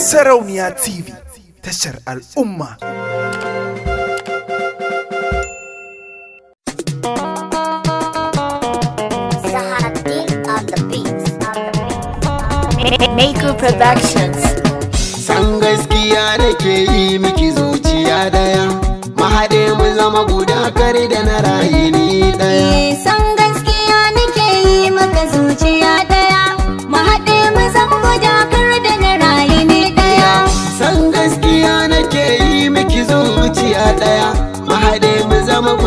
Sarauniya TV tashar al'umma. Maker Productions San gaskiya da ke yi miki zuciya daya, mahaɗe mu zama guda kare da na raye.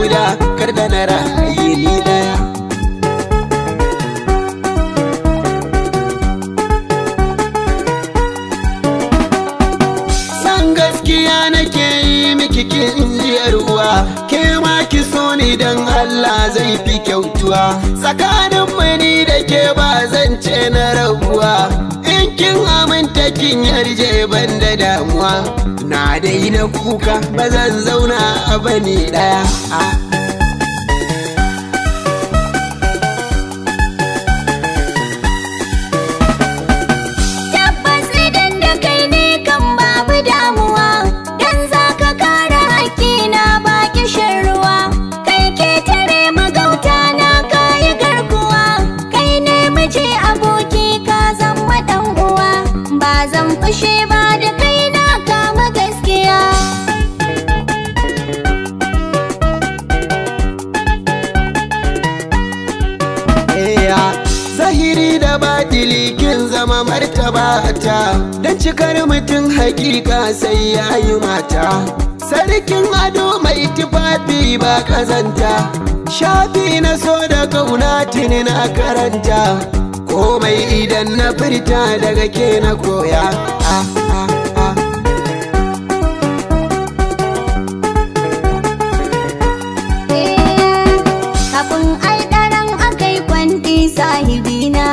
guda kar na ra'ayi ni daya san gaskiya nake yi miki ke injiyar uwa ke ma ki so ni dan Allah zai fi kyautuwa tsakanin mani da ke ba zan ce cikin yarje ban da damuwa na daina kuka bazan zauna a bani daya ah. ashe ba da kai na kama gaskiya Eya zahiri da batili kin zama martaba ta dan cikar mutum hakika sai yayi mata sarkin ado mai tufafi ba kazanta shafi na so da kauna tuni na karanta komai idan na furta daga ke na koya Eh, kafin alɗaran akai kwanti na.